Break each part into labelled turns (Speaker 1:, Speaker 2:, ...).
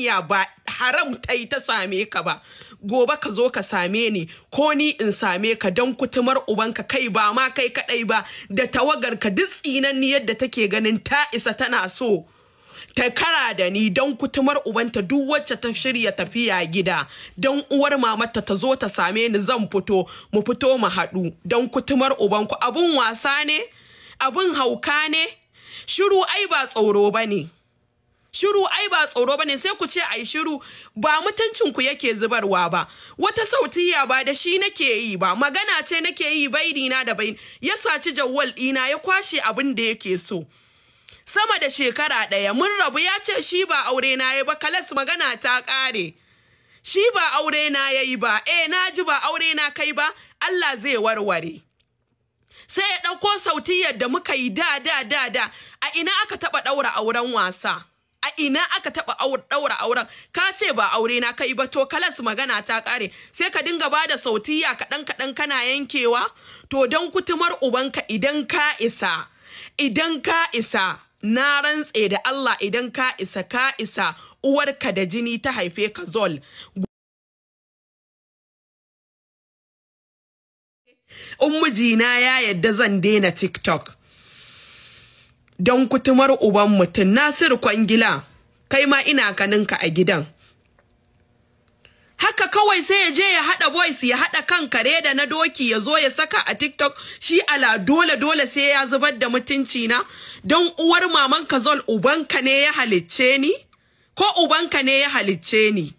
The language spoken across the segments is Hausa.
Speaker 1: iya ba haram ta ta same ka ba gobe ka zo ka same ni ko ni in same ka don kutumar ubanka kai ba ma kai kaɗai ba da tawagar ka duk ni yadda take ganin ta isa tana so ta kara da ni don kutumar ubanta duk wacce ta shirya tafiya gida don uwar mamata ta zo ta same ni zan fito mu fito mu haɗu don kutumar ubanku abun wasa ne abun hauka ne shiru ai ba tsoro ba ne shiru ai ba tsoro bane sai ku ce ai shiru ba mutuncin ku yake zubarwa ba wata sautiya ba da shi nake yi ba magana ce nake yi baini na da bai ya saci jawwal dina ya kwashe abin da yake so sama da shekara ɗaya mun rabu ya ce shi ba aure na ya ba kalas magana ta kare shi ba aure na ya ba eh na ji ba aure na kai ba Allah zai warware sai ya dauko sautiyar da muka yi da da da da a ina aka taɓa ɗaura auren wasa a ina aka taba ɗaura auren ka ce ba aure na kai ba to kalas magana ta kare sai ka dinga ba bada sautiya kaɗan kaɗan kana yankewa to don kutumar ubanka idan ka isa idan ka isa na rantse da Allah idan ka isa ka isa uwarka da jini ta haife ka zol in mijina ya yadda zan daina tiktok don kutumar uban mutum Nasiru Kwangila kai ma ina kaninka a gidan haka kawai sai ya je ya haɗa voice ya haɗa kan kare da na doki ya zo ya saka a TikTok shi ala dole dole sai ya zubar da mutunci na don uwar maman Kazol ubanka ne ya halicce ni ko ubanka ne ya halicce ni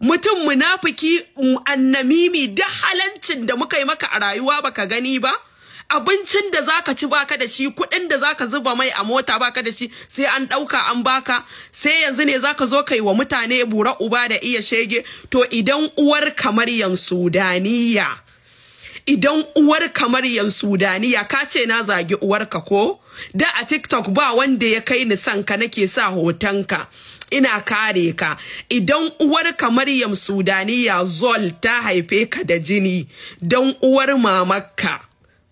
Speaker 1: mutum munafiki annamimi duk halancin da muka yi maka a rayuwa baka gani ba abincin da zaka ci baka da shi kuɗin da zaka zuba mai a mota baka da shi sai an ɗauka an baka sai yanzu ne zaka zo kai wa mutane bura uba da iya shege to idan uwar kamar yan sudaniya idan uwar kamar yan sudaniya ka ce na zagi uwarka ko da a tiktok ba wanda ya kai ni sanka nake sa hoton ka. ina kare ka idan uwar kamar Maryam Sudaniya Zol ta haife ka da jini don uwar mamakka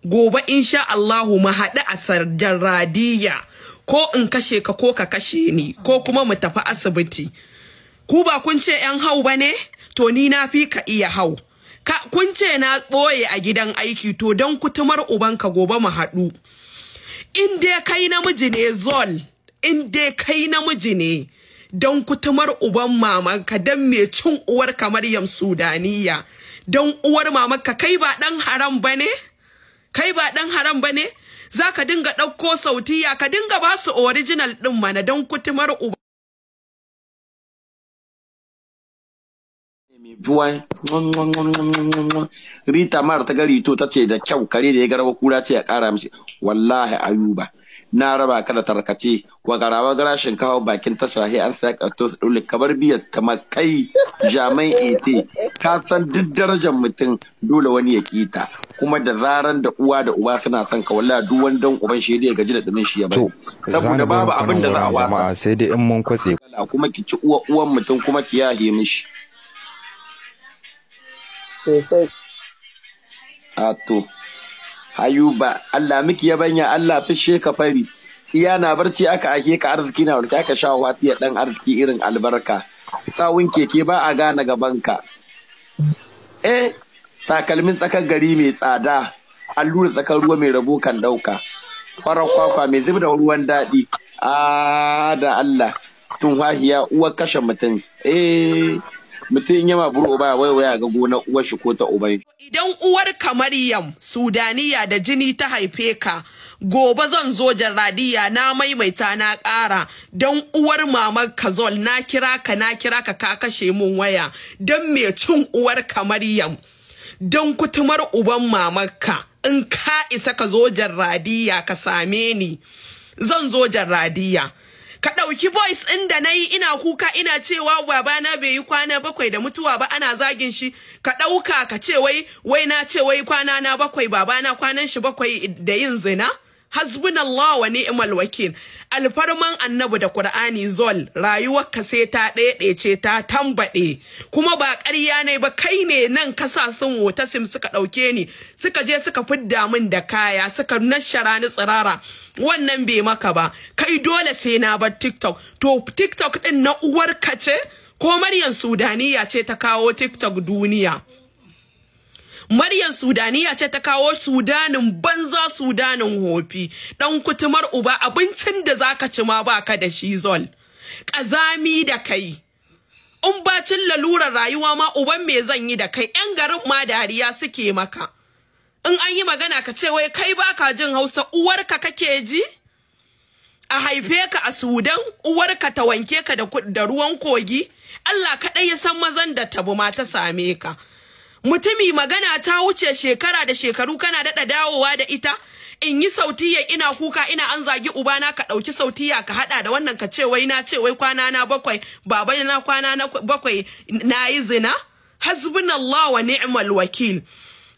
Speaker 1: gobe in sha Allahu mu haɗu a sardar radiya ko in kashe ka ko ka kashe ni ko kuma mu tafi asibiti ku ba kun ce yan hau ba ne to ni na fi ka iya hau ka kun ce na ɓoye a gidan aiki to don kutumar ubanka gobe mu haɗu in dai kai namiji ne zol in dai kai namiji ne don kutumar uban mamanka don me cin uwar kamar yam sudaniya don uwar mamanka kai ba ɗan haram ba ne? kai ba ɗan haram ba ne za ka dinga ɗauko sautiya ka dinga ba su original ɗin mana don kutumar uba.
Speaker 2: Rita Mar ta gari to ta ce da kyau kare da ya garba kura ce ya kara mishi wallahi ayuba na raba ka da tarkace wa garawa gara shinkawa bakin ta shahi an sa ka to dole kamar biyar ta makai jamai ete ka san duk darajar mutum dole wani ya kita kuma da zaran da uwa da uba suna son ka wallahi duk wani uban shi ya gaji da dinin shi ya bari saboda babu abin da za a wasa
Speaker 1: sai dai in mun kwatse
Speaker 2: kuma ki ci uwa uwan mutum kuma ki yahe mishi a to Ayuba, Allah miki yabanya Allah fishe ka fari iya na barci aka ake ka arziki na wani aka sha watiya dan arziki irin albarka sawun keke ba a gane ka eh takalmin tsakar gari mai tsada allura tsakar ruwa mai rabo kan ɗauka farar kwakwa mai zub da ruwan daɗi a da Allah tun wahiya uwar kashe mutum eh mutum in ma buru ba wai waya ga gona uwar shi ko ta ubai
Speaker 1: idan uwar Kamariyam sudaniya da jini ta haife ka gobe zan zo jarradiya na maimaita na ƙara don uwar mamar kazol na kira ka na kira ka ka kashe mun waya don mai cin uwar Kamariyam. don kutumar uban mamarka in ka isa ka zo jarradiya ka same ni zan zo jarradiya ka ɗauki boys ɗin da na yi ina kuka ina cewa babana bai yi kwana bakwai da mutuwa ba ana zagin shi ka ɗauka ka ce wai wai na ce wai kwana na bakwai babana kwanan shi bakwai da yin zina Allah wa ni'mal wakil alfarman annabi da qur'ani zol rayuwar ka sai ta ɗaya ce ta tambade kuma ba ƙarya ne ba kai ne nan kasa sun wota sim suka ɗauke ni suka je suka fidda min da kaya suka nashara ni tsirara wannan bai maka ba kai dole sai na bar tiktok to tiktok din na uwar ka ce ko maryam sudaniya ce ta kawo tiktok duniya Maryam Sudaniya ce ta kawo Sudanin banza Sudanin hofi dan kutumar uba abincin da zaka ci ma baka da shi zol kazami da kai in bacin lalurar rayuwa ma uban me zan yi da kai yan garin ma dariya suke maka in an yi magana ka ce wai kai baka jin Hausa uwarka kake ji a haife ka a Sudan uwarka ta wanke ka da ruwan kogi Allah kaɗai ya san mazan da tabu ma ta same ka mutumi magana ta wuce shekara da shekaru kana daɗa dawowa da ita in yi sautiya ina kuka ina an zagi ubana ka ɗauki sautiya ka haɗa da wannan ka ce wai na ce wai kwana na bakwai baba na kwana na bakwai na yi zina hasbunallahu wa ni'mal wakil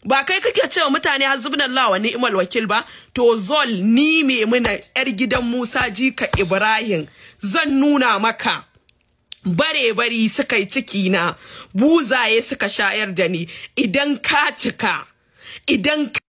Speaker 1: ba kai kake cewa mutane hasbunallahu wa ni'mal wakil ba to zol ni me muna yar gidan Musa jika Ibrahim zan nuna maka bare bari suka yi ciki na buzaye suka shayar da ni idan
Speaker 2: ka cika idan ka.